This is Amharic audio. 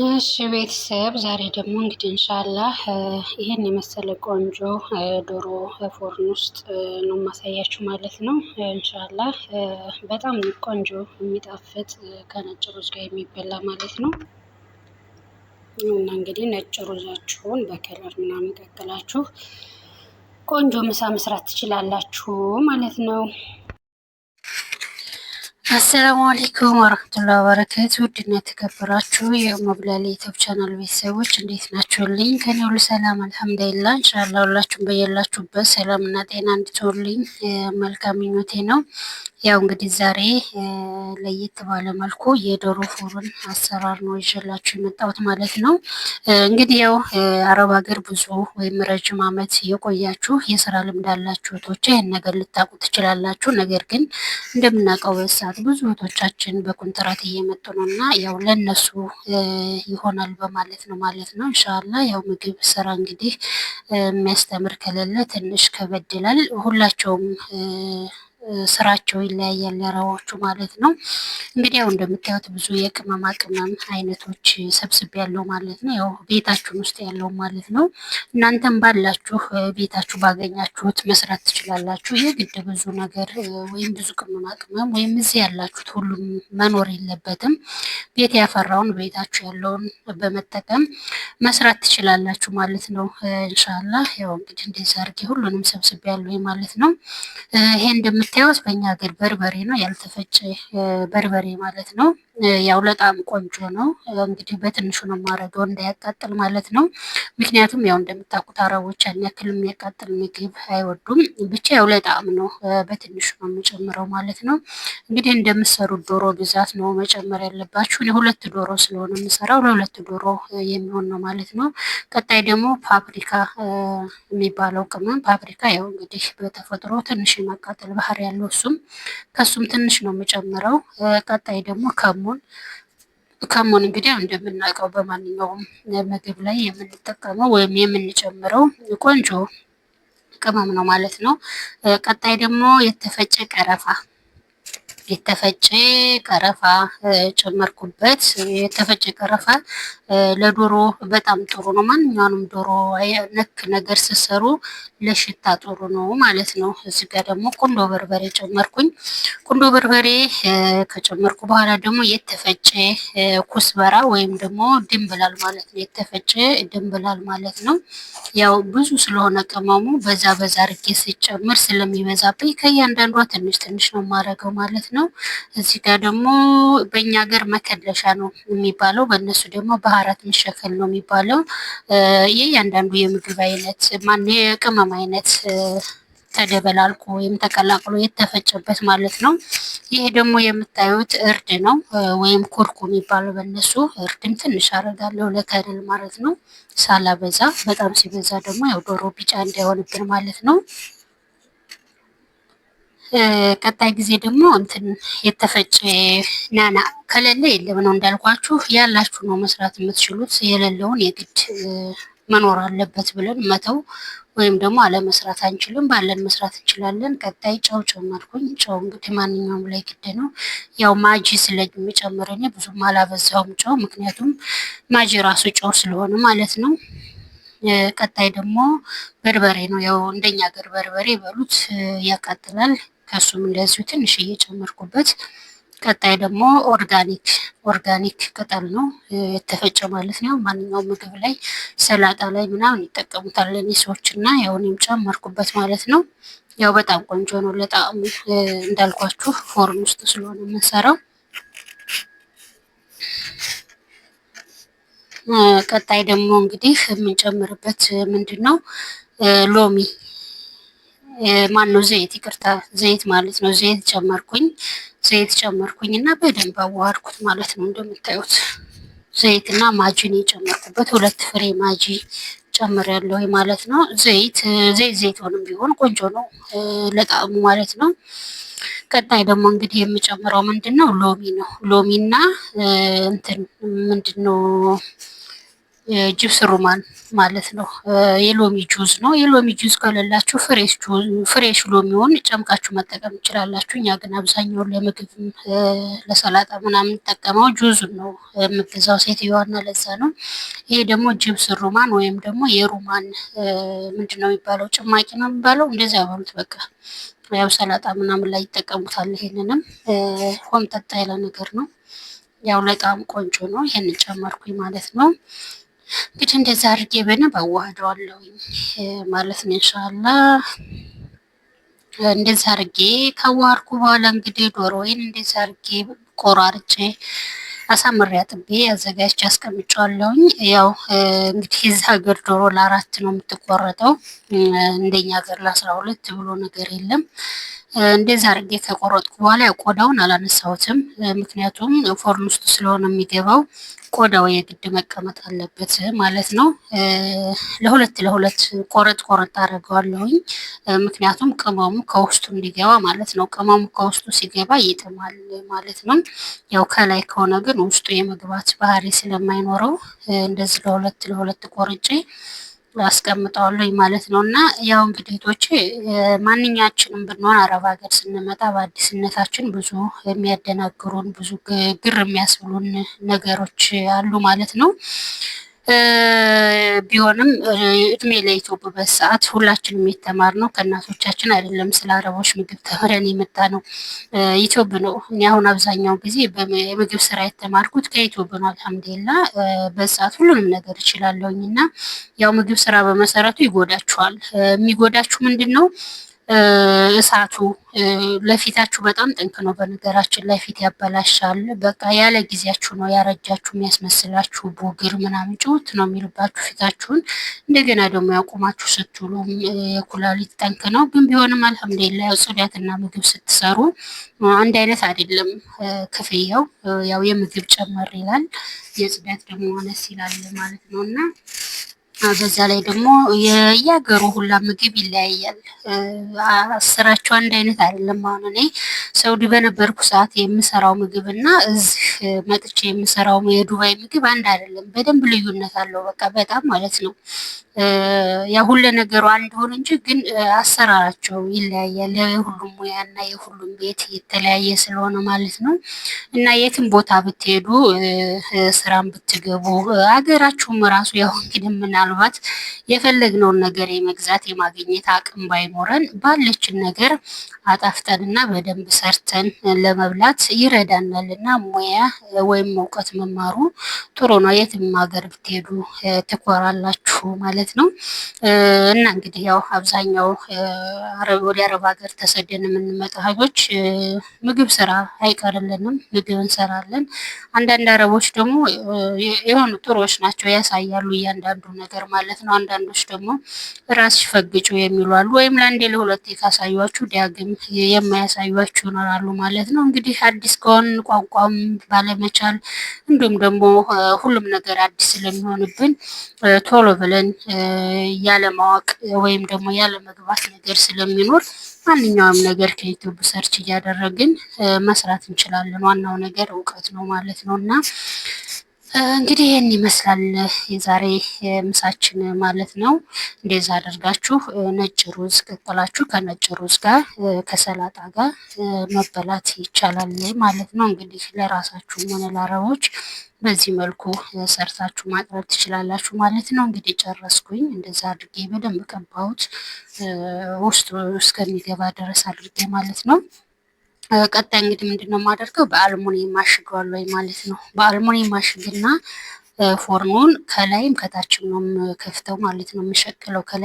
እሺ ቤተሰብ ዛሬ ደግሞ እንግዲህ እንሻላህ ይህን የመሰለ ቆንጆ ዶሮ ፎርን ውስጥ ነው ማሳያችሁ ማለት ነው። እንሻላህ በጣም ቆንጆ የሚጣፍጥ ከነጭ ሩዝ ጋር የሚበላ ማለት ነው። እና እንግዲህ ነጭ ሩዛችሁን በከለር ምናምን ቀቅላችሁ ቆንጆ ምሳ መስራት ትችላላችሁ ማለት ነው። አሰላሙ አለይኩም ወረህመቱላሂ ወበረካቱ ውድና የተከበራችሁ የመብላሌ ዩቲዩብ ቻናል ቤተሰቦች እንዴት ናችሁልኝ? ከኔ ሁሉ ሰላም አልሐምዱሊላህ። ኢንሻአላህ ሁላችሁም በየላችሁበት ሰላምና ጤና እንድትሆንልኝ መልካም ምኞቴ ነው። ያው እንግዲህ ዛሬ ለየት ባለ መልኩ የዶሮ ፉርን አሰራር ነው ይዤላችሁ የመጣሁት ማለት ነው። እንግዲህ ያው አረብ ሀገር ብዙ ወይም ረጅም ዓመት የቆያችሁ የስራ ልምድ አላችሁ እህቶቼ ይህን ነገር ልታውቁ ትችላላችሁ። ነገር ግን እንደምናውቀው በሰዓት ብዙ እህቶቻችን በኮንትራት እየመጡ ነው እና ያው ለነሱ ይሆናል በማለት ነው ማለት ነው። እንሻላ ያው ምግብ ስራ እንግዲህ የሚያስተምር ከሌለ ትንሽ ከበድላል። ይላል። ሁላቸውም ስራቸው ይለያያል ለረዎቹ ማለት ነው። እንግዲህ ያው እንደምታዩት ብዙ የቅመማ ቅመም አይነቶች ሰብስብ ያለው ማለት ነው። ያው ቤታችሁን ውስጥ ያለው ማለት ነው። እናንተም ባላችሁ ቤታችሁ ባገኛችሁት መስራት ትችላላችሁ። የግድ ብዙ ነገር ወይም ብዙ ቅመማ ቅመም ወይም እዚህ ያላችሁት ሁሉም መኖር የለበትም። ቤት ያፈራውን ቤታችሁ ያለውን በመጠቀም መስራት ትችላላችሁ ማለት ነው። እንሻላ ያው እንግዲህ እንደዚህ አድርጌ ሁሉንም ሰብስብ ያለው ማለት ነው። ይሄ እንደምት እንደምታዩት በእኛ ሀገር በርበሬ ነው ያልተፈጨ በርበሬ ማለት ነው። ያው በጣም ቆንጆ ነው። እንግዲህ በትንሹ ነው ማድረገው እንዳያቃጥል ማለት ነው። ምክንያቱም ያው እንደምታውቁት አረቦች ያን ያክል የሚያቃጥል ምግብ አይወዱም። ብቻ ያው ለጣዕም ነው በትንሹ ነው የምጨምረው ማለት ነው። እንግዲህ እንደምሰሩት ዶሮ ብዛት ነው መጨመር ያለባችሁ። ሁለት ዶሮ ስለሆነ የምሰራው ለሁለት ዶሮ የሚሆን ነው ማለት ነው። ቀጣይ ደግሞ ፓፕሪካ የሚባለው ቅመም ፓፕሪካ ያው እንግዲህ በተፈጥሮ ትንሽ የማቃጠል ባህሪ ያለው እሱም ከሱም ትንሽ ነው የምጨምረው። ቀጣይ ደግሞ ከሞ ከሞን ከሞን እንግዲህ እንደምናውቀው በማንኛውም ምግብ ላይ የምንጠቀመው ወይም የምንጨምረው ቆንጆ ቅመም ነው ማለት ነው። ቀጣይ ደግሞ የተፈጨ ቀረፋ የተፈጨ ቀረፋ ጨመርኩበት። የተፈጨ ቀረፋ ለዶሮ በጣም ጥሩ ነው። ማንኛውንም ዶሮ ነክ ነገር ስሰሩ ለሽታ ጥሩ ነው ማለት ነው። እዚህ ጋር ደግሞ ቁንዶ በርበሬ ጨመርኩኝ። ቁንዶ በርበሬ ከጨመርኩ በኋላ ደግሞ የተፈጨ ኩስበራ ወይም ደግሞ ድንብላል ማለት ነው። የተፈጨ ድንብላል ማለት ነው። ያው ብዙ ስለሆነ ቅመሙ በዛ በዛ አድርጌ ስጨምር ስለሚበዛብኝ ከእያንዳንዷ ትንሽ ትንሽ ነው የማደርገው ማለት ነው። ነው። እዚህ ጋር ደግሞ በእኛ ሀገር መከለሻ ነው የሚባለው፣ በእነሱ ደግሞ ባህራት መሸከል ነው የሚባለው። የእያንዳንዱ የምግብ አይነት ማነው የቅመም አይነት ተደበላልቆ ወይም ተቀላቅሎ የተፈጨበት ማለት ነው። ይሄ ደግሞ የምታዩት እርድ ነው ወይም ኩርኩ የሚባለው በእነሱ። እርድም ትንሽ አደርጋለሁ ለከለል ማለት ነው፣ ሳላበዛ። በጣም ሲበዛ ደግሞ ያው ዶሮ ቢጫ እንዳይሆንብን ማለት ነው። ቀጣይ ጊዜ ደግሞ እንትን የተፈጨ ናና ከሌለ የለም ነው እንዳልኳችሁ። ያላችሁ ነው መስራት የምትችሉት። የሌለውን የግድ መኖር አለበት ብለን መተው ወይም ደግሞ አለመስራት አንችልም። ባለን መስራት እንችላለን። ቀጣይ ጨው ጨመርኩኝ። ጨው እንግዲህ ማንኛውም ላይ ግድ ነው። ያው ማጂ ስለሚጨምር እኔ ብዙም አላበዛውም ጨው፣ ምክንያቱም ማጂ ራሱ ጨው ስለሆነ ማለት ነው። ቀጣይ ደግሞ በርበሬ ነው። ያው እንደኛ ሀገር በርበሬ በሉት ያቃጥላል። ከሱም እንደዚሁ ትንሽ እየጨመርኩበት ቀጣይ ደግሞ ኦርጋኒክ ኦርጋኒክ ቅጠል ነው የተፈጨ ማለት ነው። ማንኛውም ምግብ ላይ ሰላጣ ላይ ምናምን ይጠቀሙታል ለኔ ሰዎች እና ያውንም ጨመርኩበት ማለት ነው። ያው በጣም ቆንጆ ነው ለጣዕሙ እንዳልኳችሁ ፎርም ውስጥ ስለሆነ የምንሰራው። ቀጣይ ደግሞ እንግዲህ የምንጨምርበት ምንድን ነው ሎሚ ማን ነው ዘይት ይቅርታ፣ ዘይት ማለት ነው። ዘይት ጨመርኩኝ። ዘይት ጨመርኩኝ እና በደንብ አዋሃድኩት ማለት ነው። እንደምታዩት ዘይትና ማጂን የጨመርኩበት ሁለት ፍሬ ማጂ ጨምር ያለው ማለት ነው። ዘይት ዘይት ዘይት ቢሆን ቆንጆ ነው ለጣዕሙ ማለት ነው። ቀጣይ ደግሞ እንግዲህ የምጨምረው ምንድን ነው ሎሚ ነው። ሎሚና እንትን ምንድን ነው ጅብስ ሩማን ማለት ነው። የሎሚ ጁዝ ነው። የሎሚ ጁዝ ከሌላችሁ ፍሬሽ ፍሬሽ ሎሚውን ጨምቃችሁ መጠቀም ትችላላችሁ። እኛ ግን አብዛኛውን ለምግብ ለሰላጣ ምናምን ጠቀመው ጁዙን ነው የምገዛው ሴትዮዋና ለዛ ነው። ይሄ ደግሞ ጅብስ ሩማን ወይም ደግሞ የሩማን ምንድን ነው የሚባለው? ጭማቂ ነው የሚባለው። እንደዚያ ያበሉት በቃ ያው ሰላጣ ምናምን ላይ ይጠቀሙታል። ይሄንንም ሆምጠጣ ያለ ነገር ነው። ያው ለጣም ቆንጆ ነው። ይሄንን ጨመርኩኝ ማለት ነው። እንግዲህ እንደዛ አድርጌ በንብ አዋህደዋለሁኝ ማለት ነው። እንሻላ እንደዛ አድርጌ ካዋሃድኩ በኋላ እንግዲህ ዶሮዬን እንደዛ አድርጌ ቆራርጬ አሳምሬ አጥቤ አዘጋጅቼ አስቀምጫዋለሁኝ። ያው እንግዲህ የዚህ ሀገር ዶሮ ለአራት ነው የምትቆረጠው። እንደኛ ሀገር ለአስራ ሁለት ብሎ ነገር የለም። እንደዚህ አድርጌ ከቆረጥኩ በኋላ ቆዳውን አላነሳሁትም። ምክንያቱም ፎርን ውስጥ ስለሆነ የሚገባው ቆዳው የግድ መቀመጥ አለበት ማለት ነው። ለሁለት ለሁለት ቆረጥ ቆረጥ አደርገዋለሁኝ። ምክንያቱም ቅመሙ ከውስጡ እንዲገባ ማለት ነው። ቅመሙ ከውስጡ ሲገባ ይጥማል ማለት ነው። ያው ከላይ ከሆነ ግን ውስጡ የመግባት ባህሪ ስለማይኖረው እንደዚህ ለሁለት ለሁለት ቆርጬ አስቀምጠዋለሁ ማለት ነው። እና ያው እንግዲህ እህቶቼ ማንኛችንም ብንሆን አረብ ሀገር ስንመጣ በአዲስነታችን ብዙ የሚያደናግሩን ብዙ ግር የሚያስብሉን ነገሮች አሉ ማለት ነው። ቢሆንም እድሜ ለኢትዮጵበት ሰዓት ሁላችንም ነው ከእናቶቻችን አይደለም፣ ስለ አረቦች ምግብ ተምረን የመጣ ነው። ኢትዮብ ነው። እኔ አሁን አብዛኛው ጊዜ የምግብ ስራ የተማርኩት ከኢትዮብ ነው። አልሐምዱሊላ በሰዓት ሁሉንም ነገር እችላለሁኝ እና ያው ምግብ ስራ በመሰረቱ ይጎዳችኋል። የሚጎዳችሁ ምንድን ነው? እሳቱ ለፊታችሁ በጣም ጥንቅ ነው። በነገራችን ላይ ፊት ያበላሻል። በቃ ያለ ጊዜያችሁ ነው ያረጃችሁ የሚያስመስላችሁ ቡግር ምናምን ጭውት ነው የሚልባችሁ ፊታችሁን። እንደገና ደግሞ ያቁማችሁ ስትሉ የኩላሊት ጠንቅ ነው። ግን ቢሆንም አልሐምዱሊላ ያው ጽዳትና ምግብ ስትሰሩ አንድ አይነት አይደለም ክፍያው። ያው የምግብ ጨመር ይላል፣ የጽዳት ደግሞ አነስ ይላል ማለት ነው እና በዛ ላይ ደግሞ የየሀገሩ ሁላ ምግብ ይለያያል። ስራቸው አንድ አይነት አይደለም። አሁን እኔ ሰውዲ በነበርኩ ሰዓት የምሰራው ምግብ እና እዚህ መጥቼ የምሰራው የዱባይ ምግብ አንድ አይደለም። በደንብ ልዩነት አለው። በቃ በጣም ማለት ነው። ያ ሁሉ ነገሩ አንድ ሆነ እንጂ ግን አሰራራቸው ይለያያል። የሁሉም ሙያና የሁሉም ቤት የተለያየ ስለሆነ ማለት ነው። እና የትም ቦታ ብትሄዱ ስራም ብትገቡ አገራችሁም ራሱ ያው እንግዲህ ምናልባት የፈለግነውን ነገር የመግዛት የማግኘት አቅም ባይኖረን ባለችን ነገር አጣፍጠንና በደንብ ሰርተን ለመብላት እና ሙያ ወይም እውቀት መማሩ ጥሩ ነው። የትም ሀገር ብትሄዱ ትኮራላችሁ ማለት ነው። እና እንግዲህ ያው አብዛኛው ወደ አረብ ሀገር ተሰደን የምንመጣ ሀጆች ምግብ ስራ አይቀርልንም፣ ምግብ እንሰራለን። አንዳንድ አረቦች ደግሞ የሆኑ ጥሩዎች ናቸው፣ ያሳያሉ እያንዳንዱ ነገር ማለት ነው። አንዳንዶች ደግሞ ራስሽ ፈግጩ የሚሉ አሉ። ወይም ለአንዴ ለሁለቴ ካሳዩችሁ ዳግም የማያሳዩችሁ ይኖራሉ ማለት ነው። እንግዲህ አዲስ ከሆን ቋንቋም አለመቻል እንዲሁም ደግሞ ሁሉም ነገር አዲስ ስለሚሆንብን ቶሎ ብለን ያለማወቅ ወይም ደግሞ ያለመግባት ነገር ስለሚኖር ማንኛውም ነገር ከዩቲዩብ ሰርች እያደረግን መስራት እንችላለን። ዋናው ነገር እውቀት ነው ማለት ነው እና እንግዲህ ይህን ይመስላል የዛሬ ምሳችን ማለት ነው። እንደዛ አድርጋችሁ ነጭ ሩዝ ቀቅላችሁ ከነጭ ሩዝ ጋር ከሰላጣ ጋር መበላት ይቻላል ማለት ነው። እንግዲህ ለራሳችሁ ሆነ ለአረቦች በዚህ መልኩ ሰርታችሁ ማቅረብ ትችላላችሁ ማለት ነው። እንግዲህ ጨረስኩኝ። እንደዛ አድርጌ በደንብ ቀባሁት ውስጡ እስከሚገባ ድረስ አድርጌ ማለት ነው። ቀጣይ እንግዲህ ምንድነው ነው የማደርገው በአልሙኒየም አሽገዋለሁ ማለት ነው። በአልሙኒየም አሽግና ፎርኖን ከላይም ከታችም ነው ከፍተው ማለት ነው የምሸክለው ከላይ